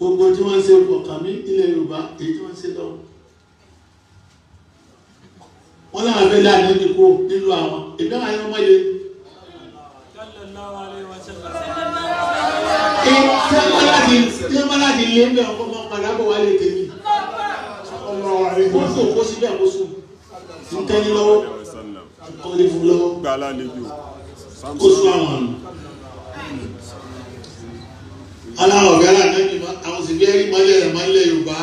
gbogbo tí wọ́n ṣe fọ̀kàn ní ilẹ̀ yorùbá èyí tí wọ́n ṣe lọ wọ́n láwọn fẹ́ lé àná nìkó nílùú àwọn ìgbà àwọn ọmọ yẹn. ìyẹ́mọ́láti ilé ń bẹ̀ ọkọ̀ mọ́ padà bọ̀ wálé tèmi wọ́n sọ kó síbẹ̀ kó sùn ń tẹ́ni lọ́wọ́ ń kọ́lé fún lọ́wọ́ kó sùn àwọn àná aláwọ̀ gánà nẹ́bí àwọn sì bí ẹ̀rí mọ́lẹ̀ rẹ̀ mọ́lẹ̀ Yorùbá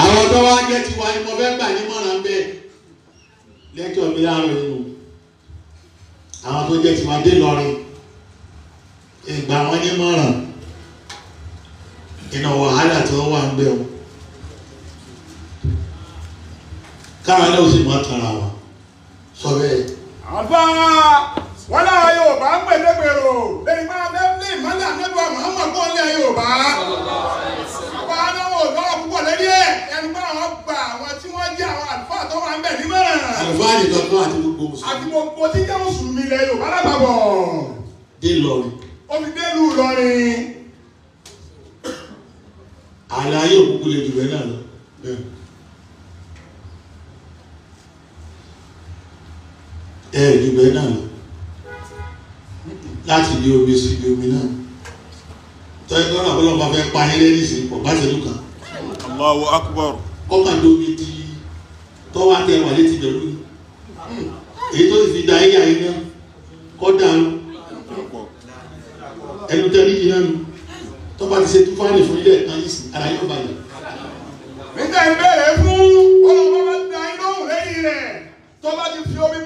àwọn tó wá jẹ́ tiwa ni mo fẹ́ gbà ní mọ̀ràn bẹ́ẹ̀ lẹ́tọ̀ mi láàrin nù àwọn tó jẹ́ tiwa dé lọ́rin ìgbà wọn ní mọ̀ràn iná wàhálà tó wà ń bẹ̀ o káwọn náà sì mọ̀ tara wa sọ bẹ́ẹ̀. àbá wọn náà yóò bá ń pèlégbèrò lẹ́yìn máa bẹ́ ìmọ̀lẹ̀ ànábìwá Muhammad kó lẹ̀ Yorùbá àwa náwó lọ́wọ́ púpọ̀ lórí ẹ̀ ẹnu bá gba àwọn tí wọ́n jẹ́ àwọn àlùfáà tó wà ń bẹ̀ nímọ̀ràn. àlùfáà yìí lọ́dún àti gbogbo mùsùlùmí. àti gbogbo tí jẹ́ mùsùlùmí lẹ̀ Yorùbá lápapọ̀. dé lọrin. ó dé lù lọrin. àlàyé òkúkú lè jù bẹ́ẹ̀ lọ. ẹ jù bẹ́ẹ̀ náà lọ láti di omi sí di omi náà tọ́jú tó náà bọ́lọ́mọ fẹ́ pa ayé lẹ́yìn sí kò ṣẹlú kan. Allahu akbar. kọ́kà di omi di tọ́wọ́ àti ẹwà létí bẹ̀rù èyí tó sì fi da ayé ayé náà kọ́ dànù ẹnu tẹ́lí yìí náà nù tọ́ba ti ṣe túfáàlì fún ilé ẹ̀ka yìí sí ara yóò balẹ̀. níta ìbéèrè fún ọlọ́mọ bá ti da iná òun lẹ́yìn rẹ̀ tọ́ba ti fi omi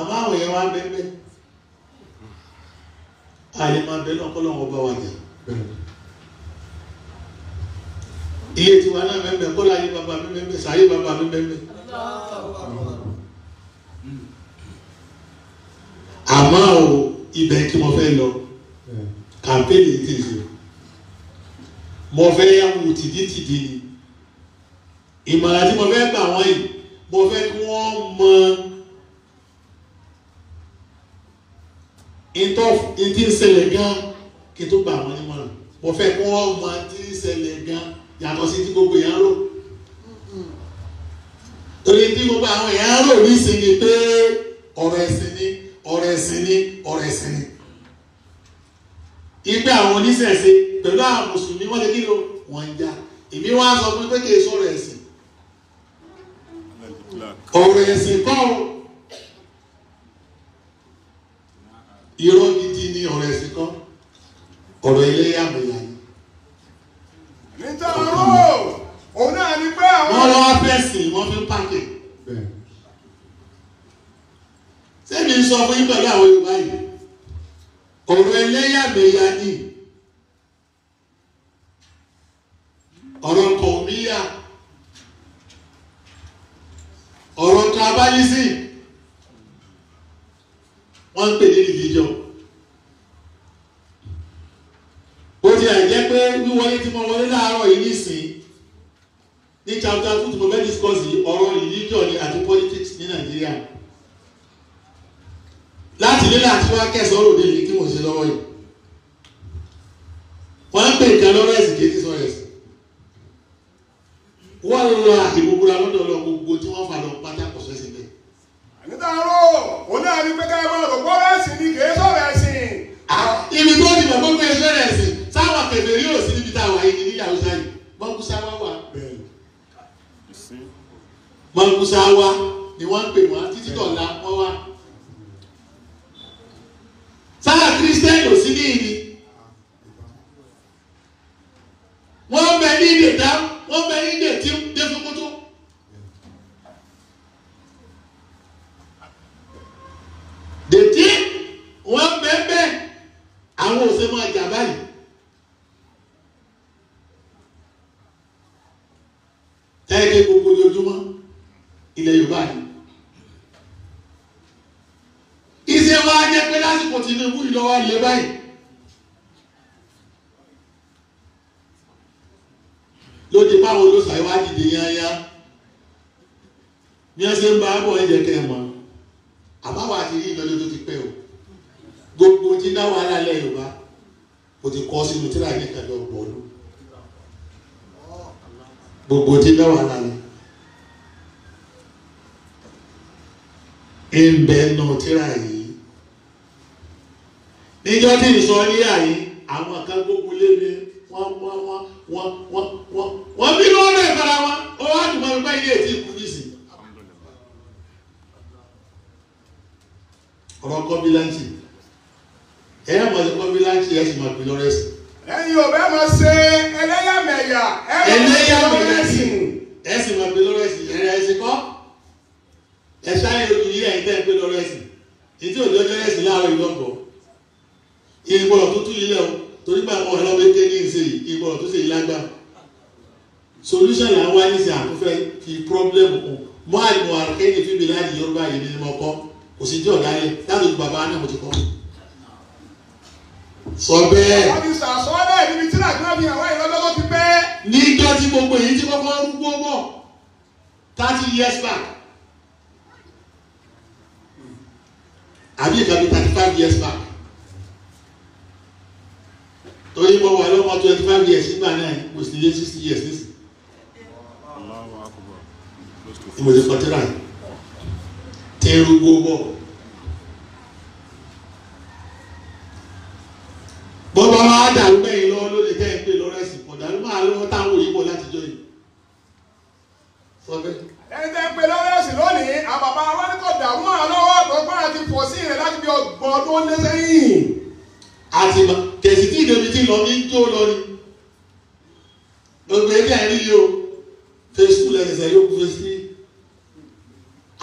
àbáwọ̀ yẹn wá bẹ́ẹ̀ ààyè máa bẹ lọ́kọ́lọ́ wọn bá wà jà ilé tiwa náà mẹ́mẹ́ kọ́lá ayé bàbá mi mẹ́mẹ́ sàyé bàbá mi mẹ́mẹ́ àmọ́ o ibẹ̀ kí mo fẹ́ lọ kàmpéènì tèzè mo fẹ́ yà wù tìdítìdí ni ìmọ̀ràn tí mo fẹ́ gbà wọ́n yìí mo fẹ́ kí wọ́n mọ. ìtọ́ ìdí ìṣẹ̀lẹ̀ gan kí n tó gbà wọ́n nímọ̀ràn mo fẹ́ kí wọ́n mọ ìdí ìṣẹ̀lẹ̀ gan yàtọ̀ sí ti gbogbo èèyàn rò torí tí gbogbo àwọn èèyàn rò ní ìsinmi pé ọ̀rọ̀ ẹ̀sìn ni ọ̀rọ̀ ẹ̀sìn ni ọ̀rọ̀ ẹ̀sìn ni ìgbà àwọn oníṣẹ̀ṣe pẹ̀lú àwọn mùsùlùmí wọ́n ti kí ló wọ́n ń já èmi wá sọ fún pé kí èso ọ̀rọ̀ ẹ̀sìn ọ̀rọ̀ ẹ̀sìn kọ́ irọ́ gidi ní ọ̀rọ̀ ẹ̀sìn kan ọ̀rọ̀ ẹlẹ́yàmẹ̀yà ni. nítorí òun náà ni pé àwọn. wọ́n lọ́wọ́ fẹ́sìn wọ́n fi ń pàǹkì. sẹ́mi ń sọ fún yín pẹ̀lú àwọn Yorùbá yìí ọ̀rọ̀ ẹlẹ́yàmẹ̀yà ni ọ̀rọ̀ kọ̀ọ̀míyà ọ̀rọ̀ tribalism wọ́n ń pè ní religion. ó ti àìjẹ́ pé wíwọlé tí mo wọlé láàárọ̀ yìí nísìn ní chapter two tí mo fẹ́ discuss yìí ọ̀rọ̀ religion ni àti politics ní nàìjíríà láti nílé àti wá kẹsàn-án òde yìí kí mo ṣe lọ́wọ́ yìí wọ́n ń pè nǹkan lọ́rọ̀ ẹ̀sìn kejì sọ̀rọ̀ ẹ̀sìn wọ́n lọ àti gbogbo alọ́dọ̀ lọ gbogbo tí wọ́n fà lọ pátá ni pé káyọ̀ máa rò gbọ́dọ̀ ẹ̀sìn ni kì í sọ̀rọ̀ ẹ̀sìn. Ah, ibi tó ti bọ̀ pé sọ̀rọ̀ ẹ̀sìn sáwà kẹfẹ́ yóò sí níbi táwa yìí ní yàwùsá yìí mọ̀nkúsáwá wà. mọ̀nkúsáwá ni wọ́n ń pè wọ́n títí dọ̀la wọ́n wá. sáwà kírísítẹ́nì ò sí ní ìdí. wọ́n bẹ ní ìdè dá wọ́n bẹ ní ìdè tí dé fún wọ́n bẹ́ẹ̀ àwọn ò fẹ́ máa jà báyìí. tẹ́ẹ̀kẹ́ gbogbo ojoojúmọ́ ilẹ̀ Yorùbá yìí. iṣẹ́ wa jẹ́ pé lásìkò Tinubu ìlọ́wọ́ lè báyìí. lóde báwọn olóṣà yìí wá dìde yányá bí wọ́n ṣe ń bá bọ̀ ẹ̀jẹ̀ kẹ́ ẹ̀ mọ́ àbáwọ̀ àti rí ìlọ́jọ́ tó ti pẹ́ o dá wàhálà ilẹ̀ yorùbá mo ti kọ́ sínú tíra ilé kẹjọ bọ́ọ̀lù gbogbo ti dá wàhálà ni. ìbẹ̀ náà tíra yìí níjọ́ tí ìsọ ní àyè àwọn kan gbogbo lé mi wọ́n wọ́n wọ́n wọ́n wọ́n wọ́n wọ́n bí wọ́n rẹ̀ fara wọn ó wá dùn wọn gbá ilé ètí ìkú nísì. ọ̀rọ̀ kọ́bíláńtì ẹ̀yà mọ̀ sí kọ́bí láńṣì ẹ̀sìn máa pè lọ́rẹ́ sí. ẹ̀yin ò bẹ́ẹ̀ mọ̀ ṣe ẹlẹ́yàmẹ̀yà ẹlẹ́yàmẹ̀yà ẹ̀sìn máa pè lọ́rẹ́ sí ẹ̀rẹ́ ẹ̀sìn kọ́ ẹ̀ṣá ìròyìn yìí ẹ̀yìn tẹ́ ń pè lọ́rẹ́ sí ètí òjò ọjọ́ ẹ̀sìn láàárọ̀ ìlọ́gbọ̀ ìgbọ̀lọ̀ tó tú ilẹ̀ o torí pé àwọn ọ̀rọ̀ wẹ́kẹ́ ní ìṣe ìgbọ̀lọ̀ tó ṣe ìlágbá solution là ń wá níṣẹ́ àkúfẹ́ fi problem kù mọ́ àìmọ̀ àrùkẹ́yìn fíbi láti Yorùbá yìí ni mo kọ́ kò sí jọ̀dá yẹn láti bàbá náà mo ti kọ́ sọ bẹ́ẹ̀. wọ́n ti sàsọ́lẹ̀ níbi tí nàìjíríà fi àwọn ìrọ́lọ́ tó ti pẹ́. nígbà tí gbogbo èyí ti kọ́kọ́ rúgbó bọ̀ thirty years back àbí ìkàbí thirty five years back torí mo wà lọ́mọ twenty five years nígbà náà mo sì lé sixty years nísìnyí ìmọ̀lẹ́ kọtíra tẹ́rù gbogbo dàrú mẹ́yìn lọ́wọ́ lóde tẹ́ ẹ pé lọ́rọ́ ẹ̀sìn pọ̀ dàrú máa lọ́wọ́ táwọn òyìnbó látijọ́ yìí. sọfẹ́. ẹni tẹ́ ń pe lọ́rọ́ ẹ̀sìn lónìí àbàbà wọn kò dàrú máa lọ́wọ́ àtọ́gbọ́n àti pọ̀ sí rẹ̀ láti bí ọgbọ̀n ọdún lé sẹ́yìn. àti kèsì tí ìdèbí ti lọ ní jó lọ ni gbogbo ẹgbẹ́ ẹ̀rí yìí o phase lẹ́sẹ̀ yóò phase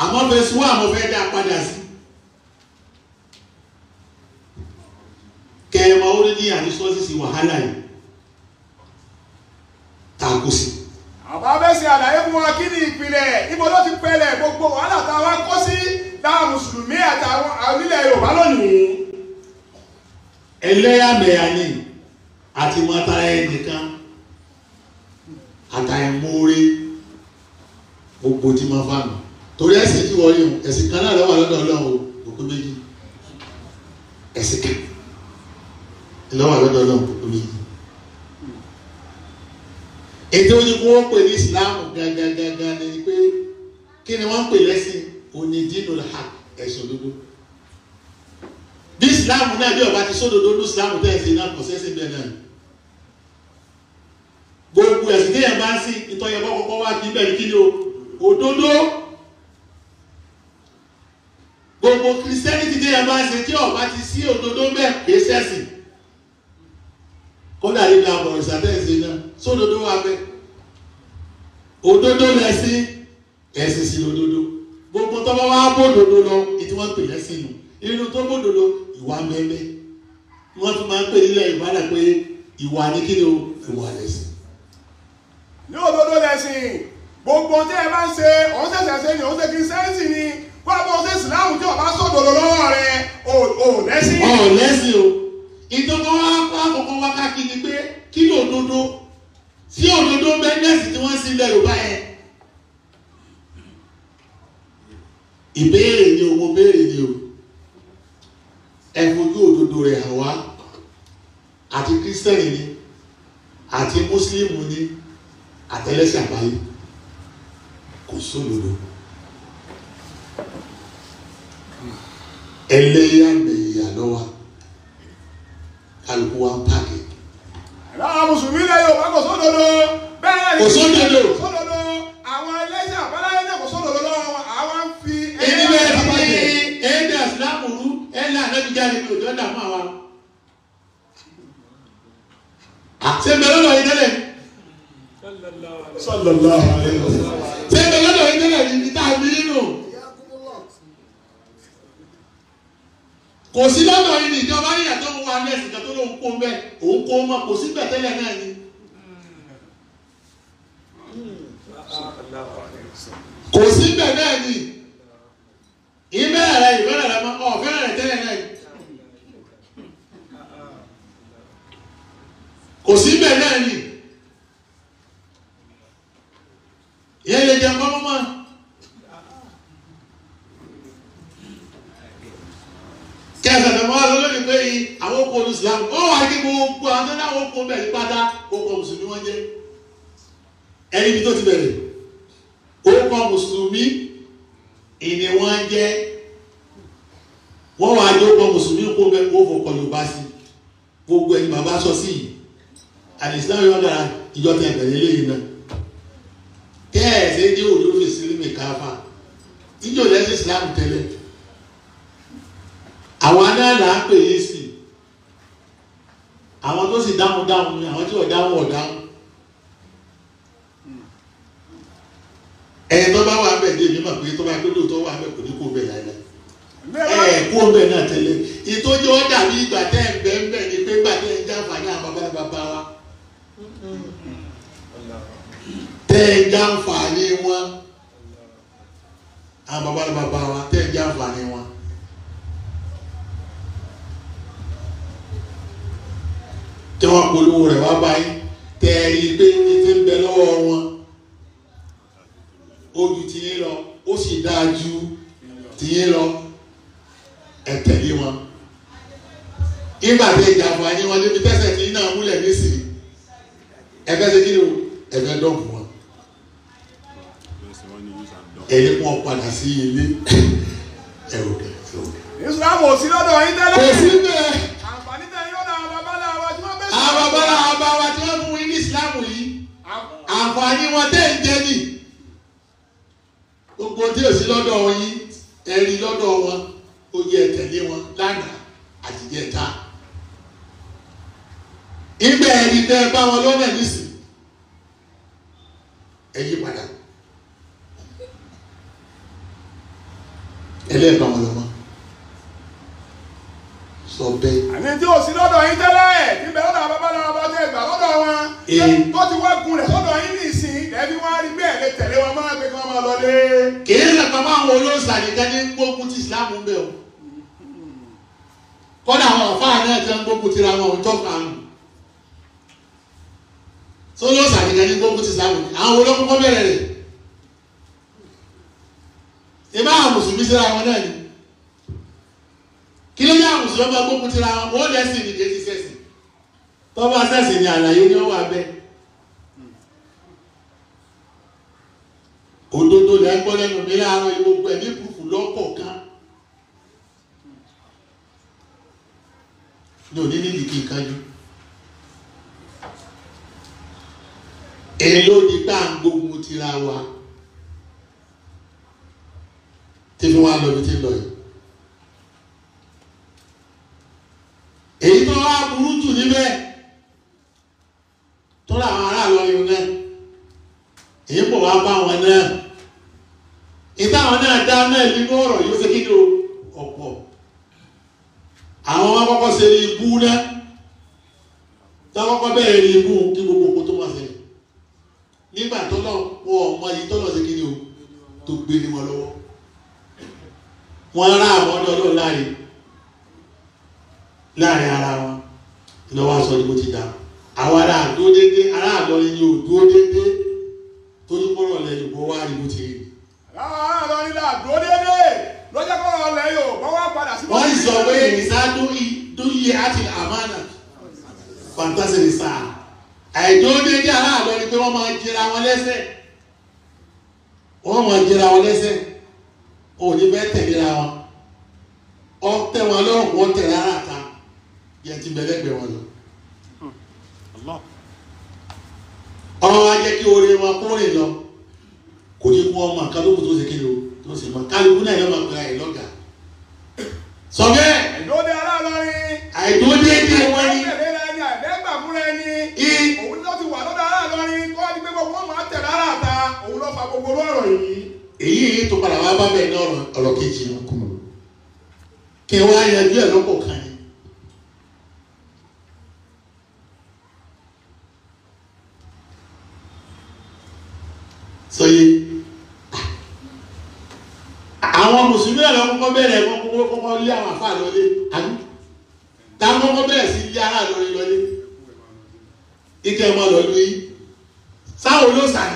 àmọ́ phase one mo fẹ́ dá padà sí yẹn maulidi àti sọ́sìsì wàhálà yìí tààkù sí. àbá bẹ́ẹ̀ ṣe àlàyé fún wa kí ni ìpìlẹ̀ ibo ló ti pẹlẹ̀ gbogbo wàhálà tá a wá kọ́ sí láwọn mùsùlùmí àtàwọn onílẹ̀ yorùbá lónìí. ẹlẹ́yàmẹ̀yà ni àti wọn ta ẹnìkan àtàìmóore gbogbo tí máa fà mí torí ẹ̀sìn tí wọ́n yàn ẹ̀sìn kan náà lọ́wọ́ lọ́dọ̀ ọlọ́run òkú méjì ẹ̀sìn kan ìnáwó àlọ́dọ̀ náà kò tóbi ètò oníkú wọn pè ní ìsìláàmù gàgàgàgà ni pé kí ni wọ́n pè lẹ́sìn onídìínú ha ẹ̀sùn dúdú bí ìsìláàmù náà bí ọba ti sódodo ní ìsìláàmù tẹ̀ sí náà kò sẹ́sìn bẹ́ẹ̀ náà gbogbo ẹ̀sìn téèyàn bá ń sìn ìtọ́yẹ bọ́ kọ́kọ́ wá bí bẹ́ẹ̀ kí ni o òdodo gbogbo kìrìsìtẹ́nì téèyàn bá ń sìn tí ọba ti sí òdodo bẹ́ẹ̀ kì í sẹ́sìn kódà yìí ni àbọ̀rọ̀ ìṣàtẹ̀sí náà sódodo wà bẹ́ẹ̀ òdodo lẹ́sìn ẹ̀sìn sí òdodo gbogbo tó bá wá bòdodo lọ ìtí wọ́n pè lẹ́sìn nù inú tó bòdodo ìwà mẹ́mẹ́ wọ́n tún máa ń pè nílẹ̀ ìbára pé ìwà ní kí ni o ìwà lẹ́sìn. ní òdodo lẹ́sìn gbogbo tí ẹ bá ń ṣe òun ṣẹ̀ṣẹ̀ ṣe ni òun ṣe kí sẹ́ǹsì ni wọ́n bá ń ṣe ìsìláàmù tí ọba sọ̀dọ̀ lọ́wọ́ rẹ̀ ò lẹ́sìn ìjọba wa kọ́ àkọ́kọ́ wa káàkiri pé kí ni òdodo sí òdodo bẹ́ńdẹ́sì tí wọ́n sì lẹ̀ yorùbá yẹn. ìbéèrè ni o mo béèrè ni o ẹ fojú òdodo rẹ̀ hàn wá àti kírísítẹ́nì ni àti mùsùlùmù ni àtẹlẹsẹ àbáyé kò sódodo ẹlẹ́yàmẹ̀yà ló wà kálukú wa ń pàdé. àwọn mùsùlùmí ilẹ̀ Yorùbá kò sódodo bẹ́ẹ̀ ni kò sódodo àwọn ẹlẹ́sìn àbáláyé náà kò sódodo lọ́wọ́ wọn àwọn ń fi ẹ̀yẹ́ bẹ́ẹ̀ ni wọ́n ṣe kò sí lọ́dọ̀ yìí ní ìjọba yìí àti òun wa ní ẹ̀sìn kan tó lóun kó mbẹ́ òun kó mọ́ kò sí gbẹ̀tẹ́lẹ̀ náà ni. kò sí gbẹ̀ náà ni ìmẹ́ rẹ̀ ìfẹ́rẹ̀ rẹ̀ mọ́ ọ̀fẹ́ rẹ̀ tẹ́lẹ̀ náà ni. kò sí gbẹ̀ náà ni. wọ́n jẹ́ ẹni bí tó ti bẹ̀rẹ̀ orúkọ mùsùlùmí ìní wọ́n jẹ́ wọ́n wá jẹ́ mùsùlùmí kó bẹ kó yorùbá sí gbogbo ẹni bàbá sọ sí yìí àdìsíláwì wọn dára ìjọ tẹ bẹ̀rẹ̀ eléyìí náà kẹ́ẹ̀sì ẹni òjò fi ìjọ lẹ́sìn tẹ́lẹ̀ àwọn anáàlà ń pè é sí àwọn tó sì dáhùn dáhùn ni àwọn tí dé mi mọ̀ pé tó bá pé lóòótọ́ wà bẹ́ẹ̀ kò ní kó bẹ́ẹ̀ láyé ẹ̀ kó bẹ́ẹ̀ náà tẹ́lẹ̀ ìtọ́jú ọ̀dà bíi ìgbà tẹ́ ẹ̀ bẹ́ẹ̀ bẹ́ẹ̀ ni pé ìgbà tẹ́ ẹ̀ jáfàánì àwọn bàbá bàbá wa tẹ́ ẹ̀ jáfàánì wọn àwọn bàbá bàbá wa tẹ́ ẹ̀ jáfàánì wọn. tí polówó rẹ̀ wá báyìí tẹ́ ẹ̀ rí i pé ní ti ń bẹ lọ́wọ́ wọn ó ju tiyín lọ ó sì dáa ju tiyín lọ ẹ tẹ̀lé wọn. nígbà tí ìjàmbá yín wọn débi tẹ́sẹ̀ tí iná múlẹ̀ nísìnyí ẹ fẹ́ ṣe kí ni o ẹ fẹ́ dọ̀bù wọn. ẹ̀yin wọn padà sí ilé ẹ ò kẹ ẹ ò kẹ. Islam ò sí lọ́dọ̀ yín tẹ́lẹ̀. kò sí bẹ́ẹ̀. àǹfààní tẹ yóò náà babalá wa tí wọ́n bẹ́ẹ̀ sọ. àwọn tí wọ́n mú Islam yìí àǹfààní wọn tẹ̀ lọ́dọ̀ yín ẹ̀rí lọ́dọ̀ wọn ó yẹ tẹ̀lé wọn lánàá àtijẹ́ta ibẹ̀ ẹ̀rí tẹ́ bá wọn lọ́nà nísìn ẹ yí padà ẹlẹ́ẹ̀bá wọn lọ́mọ sọ bẹ́ẹ̀. àmì tí o sì lọ́dọ̀ yín tẹ́lẹ̀ níbẹ̀ lọ́dọ̀ àbábá lọ́dọ̀ àbájẹ́ ìgbà lọ́dọ̀ wọn tó ti wá gun àwọn olóòsàn nìkan ní gbógun ti islam ń bẹ o kọ́dà àwọn àfáà náà ti ń gbógun ti ra wọn òun tọ́ka nù tó olóòsàn nìkan ní gbógun ti islam ní àwọn olókùnkọ́ bẹ̀rẹ̀ rẹ̀ ìbá àwọn mùsùlùmí síra wọn náà ni kí ló yá àwọn mùsùlùmí ọmọ gbógun ti ra wọn wọ́n lẹ́sìn nìkan ti sẹ́sìn tọ́ba sẹ́sìn ni àlàyé ni ó wà bẹ́ẹ̀. tó lẹ́ gbọ́ lẹ́nu mi láàárọ̀ gbogbo ẹ̀ ní ìbùkún lọ́kọ̀ọ̀kan. ní òní níbi kí n kájú. èló ni tá à ń gbógun ti ra wa tí wọ́n á lọ bí tí lọ yìí. dáadáa náà nínú ọ̀rọ̀ yóò ṣe kíni o ọ̀pọ̀ àwọn máa kọ́kọ́ ṣe ní ibú náà tá a kọ́kọ́ bẹ̀rẹ̀ ní ibú kí gbogbo òkú tó máa ṣe nígbà tó lọ wọ ọmọ yìí tó lọ ṣe kíni o tó gbé ní wọn lọ́wọ́ wọ́n rán àwọn ọ̀dọ́ lọ láàrin láàrin ara wọn lọ́wọ́ aṣọ ni mo ti dá àwọn ará àdó déédéé ará àdó ni yóò dúró déédéé tó ní kọ́rọ̀ lẹ́yìn bó wá ni mo ti rí láwọn ará Ìlọrin náà dúró déédé lọ́jọ́ kọ́ ọ̀rọ̀ lẹ́ yóò wọ́n wá padà sí. wọ́n sọ pé ìsá dúyè àti àmàna pàǹtàsì ni sáà àìdúró déédé ará Ìlọrin pé wọ́n máa jẹra wọn lẹ́sẹ̀ wọ́n máa jẹra wọn lẹ́sẹ̀ òní bẹ́ẹ̀ tẹ̀léra wọn ọ̀tẹ̀ wọn lọ́rùn wọn tẹ̀lé ara ta yẹn ti bẹ̀rẹ̀ wọn lọ hmm. ọ̀rọ̀ wa jẹ́ kí oore wọn kúrò lọ kò ní mú ọmọ nǹkan lókun tó ṣe kéde o tó ṣe mọ kálukú náà yóò máa gba ẹ lọ́gà. sọ bẹ́ẹ̀. ìdóde aláàlọ́rin. àìdóde ní wọn ni. ẹgbẹ̀rẹ̀ i. òun ló ti wà lọ́dọ̀ èyí tó padà wá bá bẹ́ẹ̀ ní ọ̀rọ̀ kejì kí wọ́n yanjú ẹ̀ lọ́kọ̀ọ̀kan so sọyí àwọn mùsùlùmí ẹ̀rọ kọ́kọ́ bẹ̀rẹ̀ kọ́kọ́ kọ́kọ́ lé àwọn àfa lọlé àbí táwọn kọ́kọ́ bẹ̀rẹ̀ sí lé ara lórí lọlé ìkẹ́ ọmọ lọ́lú yìí sáwọn olóòsàn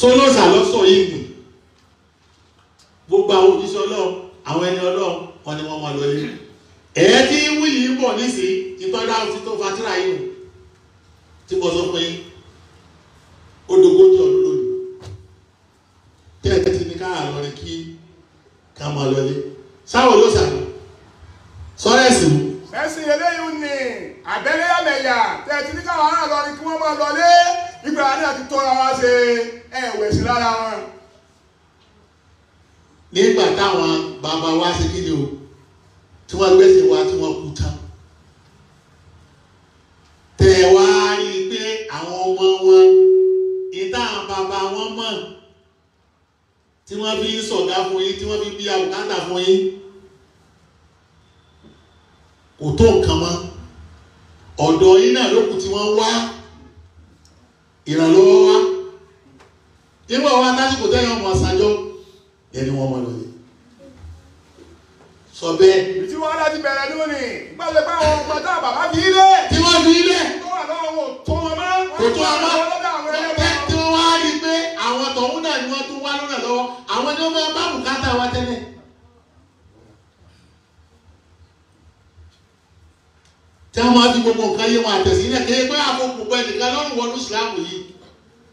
sọlọ́sà lọ́sọ̀ yìí gùn gbogbo àwọn òjíṣẹ́ ọlọ́run àwọn ẹni ọlọ́run wọn ni wọ́n mọ lórí ẹ̀ẹ́ tí wíyì ń bọ̀ nísì ìtọ́jú àwọn tó fatira yìí o tí mo sọ pé odògójì ọdún lónìí tẹ́ẹ̀tì ní káà lọ rí kí ká máa lọlé sáwọn ló sàbẹ̀. ẹ̀wẹ̀ sí lára wọn. nígbà táwọn bàbá wa ṣe kí ni o tí wọ́n gbẹ́sẹ̀ wa tí wọ́n kú tán. tẹ̀ wá rí i pé àwọn ọmọ wọn ìta bàbá wọn mọ̀ tí wọ́n fi sọ̀dá fún yín tí wọ́n fi bí àbùkátà fún yín kò tó nǹkan mọ́ ọ̀dọ̀ yín náà ló tí wọ́n wá ìrànlọ́wọ́ wá irú àwọn atásìkò tẹ́yìn ọmọ àṣàjọ ẹni wọn mọ lónìí sọ bẹ́ẹ̀. ìtí wọn láti bẹ̀rẹ̀ lónìí gbọ́dọ̀ pé àwọn ọmọ tá bàbá fi ilé. tí wọ́n fi ilé. tó wà lọ́wọ́ tó wọn mọ́. kò tó wọn mọ́ tí wọ́n wá rí i pé àwọn tọ̀hún náà ni wọ́n tún wá lọ́nà lọ́wọ́ àwọn ni wọ́n máa bá bùkátà wa tẹ́lẹ̀. tí wọ́n máa fi gbogbo nǹkan yé wọn àtẹ̀sí ilẹ̀ kéye pé àfọkùnkùn ẹnìkan lọ́rùn wọnú ìsìlámù yìí.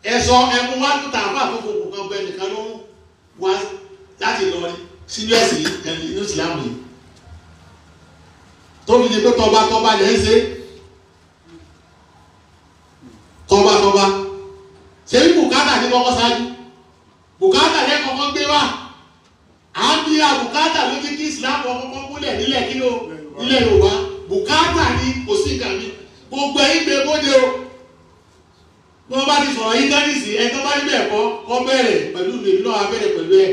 ẹ̀sọ́ ẹ̀mú wá tó tàn fún àkókò kò nìkan ló wá láti lọ sínú ẹ̀sìn ní yìí tóbi ni pé tọba tọba lè ṣe tọba tọba ṣé bùkátà ní kọ́kọ́ ṣáájú bùkátà ní kọ́kọ́ bùkátà ni kò tó bá ti sọ̀rọ̀ yí tẹ́nìsì ẹ tó bá níbẹ̀ ẹ̀kọ́ kọ́ bẹ̀rẹ̀ pẹ̀lú lèmi náà abẹ́rẹ̀ pẹ̀lú ẹ̀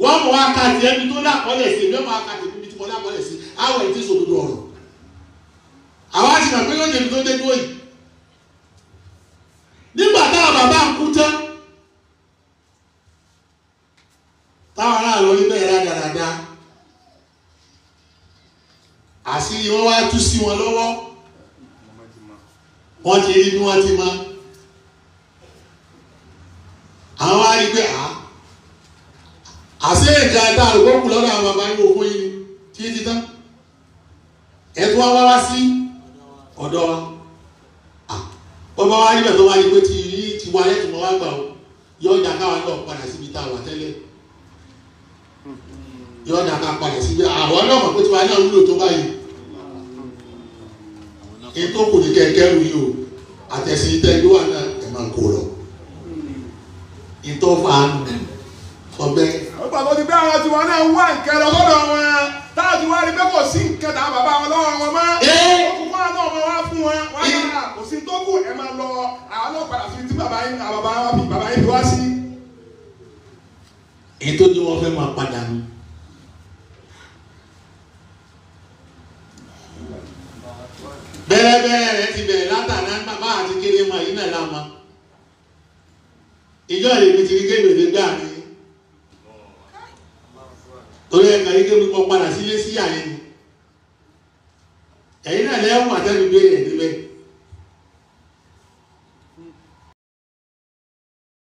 wọ́n mọ̀ wá ka ti ẹni tó lákọ́lẹ̀ sí ẹni mọ̀ wá ka ti ẹni tí mo lákọ́lẹ̀ sí àwọn èyí tí sọ gbogbo ọ̀rọ̀ àwọn àti màgbé yóò débi tó dé dúró yìí nígbà táwọn bàbá ń kú tán táwọn aráàlú oníbẹ̀ yẹn rádaràda àṣírí wọn wá tú sí wọn lọ́wọ́ wọ́n ti rí bí wọ́n ti mọ́ àwọn á rí pé à àṣé ìjà ẹ̀dá àlùkò kù lọ́dọ̀ àwọn bàbá yóò fún yín tí yín ti tán ẹ̀tún wa wá wá sí ọ̀dọ̀ wa wọ́n bá wá rí bẹ̀ tó wá I pé ti rí ti wá lẹ́tùn mọ́ wá gbà ó yọ ọjà káwọn náà padà síbi tá a wà tẹ́lẹ̀ yọ ọjà ká padà síbi àwọn náà mọ̀ pé tiwa náà wúlò tó báyìí ètò kò ní kẹ̀kẹ́ rú yìí o àtẹ̀sí tẹ́gbẹ́ wà náà ẹ̀ máa ń kó lọ. ìtọ́fà ọgbẹ́. ọgbà ti bẹ́ àwọn tiwọn náà wá nǹkan lọ lọ́dọ̀ wọn táà wá rí pé kò sí nǹkan tá a bàbá wọn lọ́wọ́ wọn mọ́. okùn wọn náà wọn wá fún wọn wọn yára kò sí tó kù ẹ̀ máa lọ àwọn padà fi ti bàbá yín bàbá yín fi wá sí. ètò ni wọn fẹ́ máa padà ìjọ ìrèmí ti rí kéwì ní gàrí torí ẹ̀ka rí kéwì mọ́ padà sílé sí àyè ẹ̀yin náà lẹ́wọ̀n àtẹ́lùgbé ẹ̀ níbẹ̀.